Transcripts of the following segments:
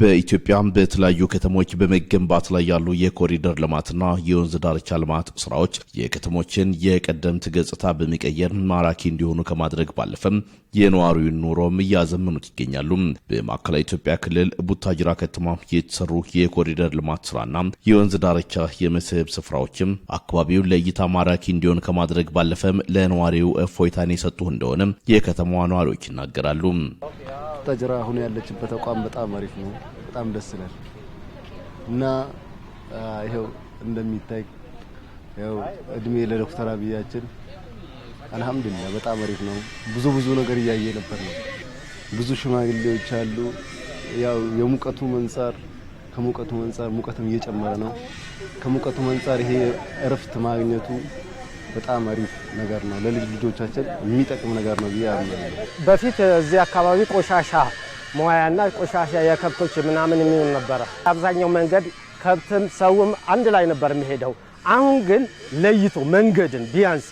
በኢትዮጵያ በተለያዩ ከተሞች በመገንባት ላይ ያሉ የኮሪደር ልማትና የወንዝ ዳርቻ ልማት ስራዎች የከተሞችን የቀደምት ገጽታ በመቀየር ማራኪ እንዲሆኑ ከማድረግ ባለፈም የነዋሪውን ኑሮም እያዘመኑት ይገኛሉ። በማዕከላዊ ኢትዮጵያ ክልል ቡታጅራ ከተማ የተሰሩ የኮሪደር ልማት ስራና የወንዝ ዳርቻ የመስህብ ስፍራዎችም አካባቢው ለእይታ ማራኪ እንዲሆን ከማድረግ ባለፈም ለነዋሪው እፎይታን የሰጡ እንደሆነ የከተማዋ ነዋሪዎች ይናገራሉ። ቡታጅራ አሁን ያለችበት ተቋም በጣም አሪፍ ነው። በጣም ደስ ይላል እና ይኸው እንደሚታይ ያው እድሜ ለዶክተር አብያችን አልሐምዱሊላህ በጣም አሪፍ ነው። ብዙ ብዙ ነገር እያየ ነበር ነው ብዙ ሽማግሌዎች አሉ። ያው የሙቀቱ መንጻር ከሙቀቱ መንጻር ሙቀትም እየጨመረ ነው። ከሙቀቱ መንጻር ይሄ እረፍት ማግኘቱ በጣም አሪፍ ነገር ነው፣ ለልጅ ልጆቻችን የሚጠቅም ነገር ነው ብዬ አምናለሁ። በፊት እዚህ አካባቢ ቆሻሻ መዋያና ቆሻሻ የከብቶች ምናምን የሚሆን ነበረ። አብዛኛው መንገድ ከብትም ሰውም አንድ ላይ ነበር የሚሄደው። አሁን ግን ለይቶ መንገድን ቢያንስ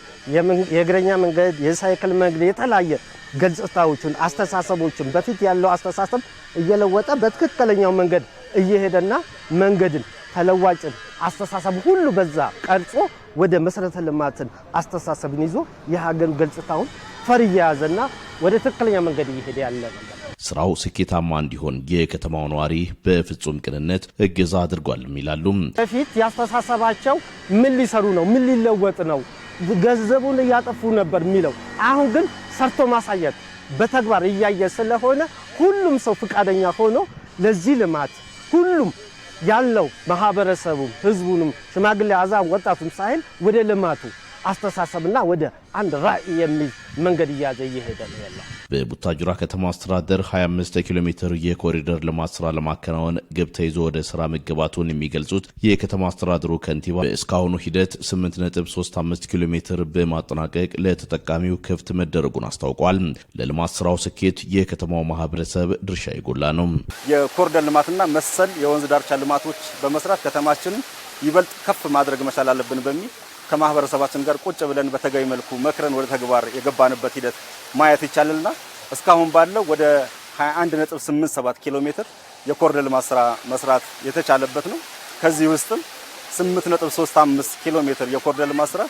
የእግረኛ መንገድ፣ የሳይክል መንገድ የተለያየ ገጽታዎቹን፣ አስተሳሰቦችን በፊት ያለው አስተሳሰብ እየለወጠ በትክክለኛው መንገድ እየሄደና መንገድን ተለዋጭን አስተሳሰብ ሁሉ በዛ ቀርጾ ወደ መሰረተ ልማትን አስተሳሰብን ይዞ የሀገር ገጽታውን ፈር እየያዘና ወደ ትክክለኛ መንገድ እየሄደ ያለ መንገድ ስራው ስኬታማ እንዲሆን የከተማው ነዋሪ በፍጹም ቅንነት እገዛ አድርጓልም ይላሉ። በፊት ያስተሳሰባቸው ምን ሊሰሩ ነው፣ ምን ሊለወጥ ነው፣ ገንዘቡን እያጠፉ ነበር የሚለው አሁን ግን ሰርቶ ማሳየት በተግባር እያየ ስለሆነ ሁሉም ሰው ፈቃደኛ ሆኖ ለዚህ ልማት ሁሉም ያለው ማህበረሰቡም፣ ህዝቡንም፣ ሽማግሌ፣ አዛም፣ ወጣቱም ሳይል ወደ ልማቱ አስተሳሰብና ወደ አንድ ራዕይ የሚል መንገድ እያዘ እየሄደ ነው ያለው። በቡታጅራ ከተማ አስተዳደር 25 ኪሎ ሜትር የኮሪደር ልማት ስራ ለማከናወን ግብ ተይዞ ወደ ስራ መገባቱን የሚገልጹት የከተማ አስተዳደሩ ከንቲባ እስካሁኑ ሂደት 8.35 ኪሎ ሜትር በማጠናቀቅ ለተጠቃሚው ክፍት መደረጉን አስታውቋል። ለልማት ስራው ስኬት የከተማው ማህበረሰብ ድርሻ የጎላ ነው። የኮሪደር ልማትና መሰል የወንዝ ዳርቻ ልማቶች በመስራት ከተማችን ይበልጥ ከፍ ማድረግ መቻል አለብን በሚል ከማህበረሰባችን ጋር ቁጭ ብለን በተገቢ መልኩ መክረን ወደ ተግባር የገባንበት ሂደት ማየት ይቻላልና እስካሁን ባለው ወደ 21.87 ኪሎ ሜትር የኮሪደር ልማት ስራ መስራት የተቻለበት ነው። ከዚህ ውስጥም 8.35 ኪሎ ሜትር የኮሪደር ልማት ስራ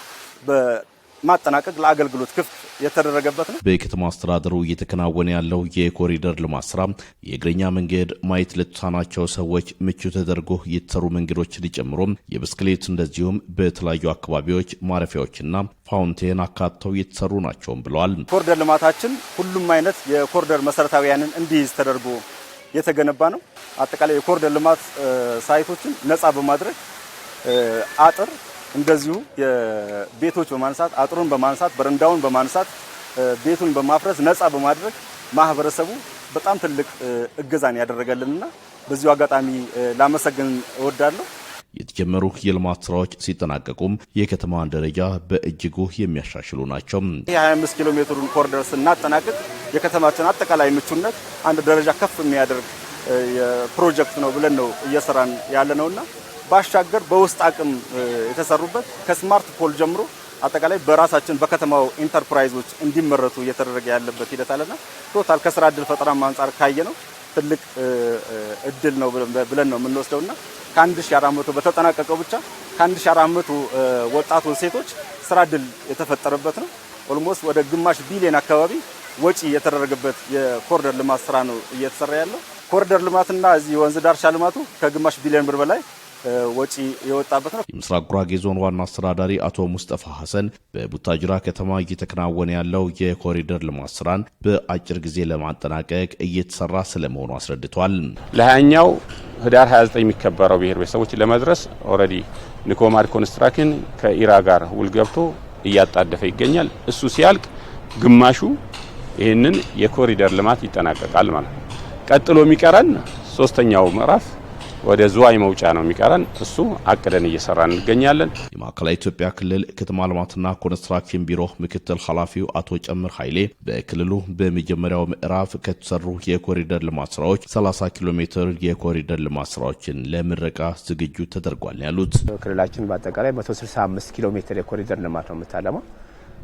ማጠናቀቅ ለአገልግሎት ክፍት የተደረገበት ነው። በከተማ አስተዳደሩ እየተከናወነ ያለው የኮሪደር ልማት ስራ የእግረኛ መንገድ ማየት ለተሳናቸው ሰዎች ምቹ ተደርጎ የተሰሩ መንገዶችን ጨምሮ የብስክሌት እንደዚሁም በተለያዩ አካባቢዎች ማረፊያዎችና ፋውንቴን አካተው የተሰሩ ናቸውም ብለዋል። ኮሪደር ልማታችን ሁሉም አይነት የኮሪደር መሰረታዊያንን እንዲይዝ ተደርጎ የተገነባ ነው። አጠቃላይ የኮሪደር ልማት ሳይቶችን ነፃ በማድረግ አጥር እንደዚሁ ቤቶች በማንሳት አጥሩን በማንሳት በረንዳውን በማንሳት ቤቱን በማፍረስ ነፃ በማድረግ ማህበረሰቡ በጣም ትልቅ እገዛን ያደረገልንና በዚሁ አጋጣሚ ላመሰግን እወዳለሁ። የተጀመሩ የልማት ስራዎች ሲጠናቀቁም የከተማዋን ደረጃ በእጅጉ የሚያሻሽሉ ናቸው። ይህ 25 ኪሎ ሜትሩን ኮሪደር ስናጠናቅቅ የከተማችን አጠቃላይ ምቹነት አንድ ደረጃ ከፍ የሚያደርግ ፕሮጀክት ነው ብለን ነው እየሰራን ያለ ነውና ባሻገር በውስጥ አቅም የተሰሩበት ከስማርት ፖል ጀምሮ አጠቃላይ በራሳችን በከተማው ኢንተርፕራይዞች እንዲመረቱ እየተደረገ ያለበት ሂደት አለና ቶታል ከስራ እድል ፈጠራም አንጻር ካየ ነው ትልቅ እድል ነው ብለን ነው የምንወስደው እና ከ1400 በተጠናቀቀው ብቻ ከ1400 ወጣቱ ሴቶች ስራ እድል የተፈጠረበት ነው። ኦልሞስት ወደ ግማሽ ቢሊዮን አካባቢ ወጪ የተደረገበት የኮሪደር ልማት ስራ ነው እየተሰራ ያለው። ኮሪደር ልማትና እዚህ ወንዝ ዳርቻ ልማቱ ከግማሽ ቢሊዮን ብር በላይ ወጪ የወጣበት ነው። የምስራቅ ጉራጌ ዞን ዋና አስተዳዳሪ አቶ ሙስጠፋ ሀሰን በቡታጅራ ከተማ እየተከናወነ ያለው የኮሪደር ልማት ስራን በአጭር ጊዜ ለማጠናቀቅ እየተሰራ ስለመሆኑ አስረድቷል። ለሀያኛው ህዳር 29 የሚከበረው ብሔር ቤተሰቦች ለመድረስ ኦልሬዲ ኒኮማድ ኮንስትራክሽን ከኢራ ጋር ውል ገብቶ እያጣደፈ ይገኛል። እሱ ሲያልቅ ግማሹ ይህንን የኮሪደር ልማት ይጠናቀቃል ማለት ነው። ቀጥሎ የሚቀረን ሶስተኛው ምዕራፍ ወደ ዝዋይ መውጫ ነው የሚቀረን። እሱ አቅደን እየሰራ እንገኛለን። የማዕከላዊ ኢትዮጵያ ክልል ከተማ ልማትና ኮንስትራክሽን ቢሮ ምክትል ኃላፊው አቶ ጨምር ኃይሌ በክልሉ በመጀመሪያው ምዕራፍ ከተሰሩ የኮሪደር ልማት ስራዎች 30 ኪሎ ሜትር የኮሪደር ልማት ስራዎችን ለምረቃ ዝግጁ ተደርጓል ያሉት ክልላችን በአጠቃላይ 165 ኪሎ ሜትር የኮሪደር ልማት ነው የምታለመው።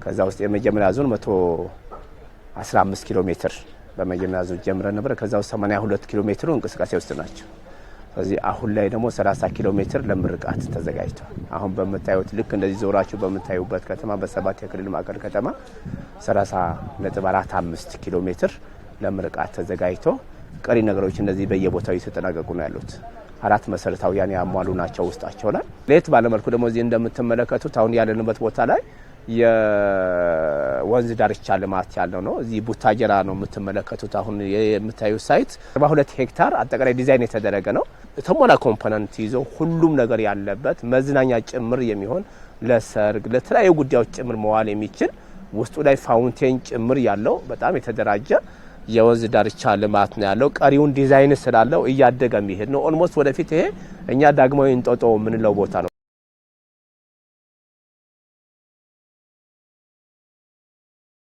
ከዛ ውስጥ የመጀመሪያ ዞን 115 ኪሎ ሜትር በመጀመሪያ ዞን ጀምረን ነበረ። ከዛ ውስጥ 82 ኪሎ ሜትሩ እንቅስቃሴ ውስጥ ናቸው። ስለዚህ አሁን ላይ ደግሞ 30 ኪሎ ሜትር ለምርቃት ተዘጋጅተዋል። አሁን በምታዩት ልክ እንደዚህ ዞራችሁ በምታዩበት ከተማ በሰባት የክልል ማዕከል ከተማ 30.45 ኪሎ ሜትር ለምርቃት ተዘጋጅቶ ቀሪ ነገሮች እንደዚህ በየቦታው እየተጠናቀቁ ነው ያሉት። አራት መሰረታዊያን ያሟሉ ናቸው ውስጣቸው ላይ ለየት ባለመልኩ ደግሞ እዚህ እንደምትመለከቱት አሁን ያለንበት ቦታ ላይ የወንዝ ዳርቻ ልማት ያለው ነው። እዚህ ቡታጀራ ነው የምትመለከቱት። አሁን የምታዩ ሳይት 42 ሄክታር አጠቃላይ ዲዛይን የተደረገ ነው። የተሟላ ኮምፖነንት ይዞ ሁሉም ነገር ያለበት መዝናኛ ጭምር የሚሆን ለሰርግ፣ ለተለያዩ ጉዳዮች ጭምር መዋል የሚችል ውስጡ ላይ ፋውንቴን ጭምር ያለው በጣም የተደራጀ የወንዝ ዳርቻ ልማት ነው ያለው። ቀሪውን ዲዛይን ስላለው እያደገ የሚሄድ ነው። ኦልሞስት ወደፊት ይሄ እኛ ዳግማዊ እንጦጦ የምንለው ቦታ ነው።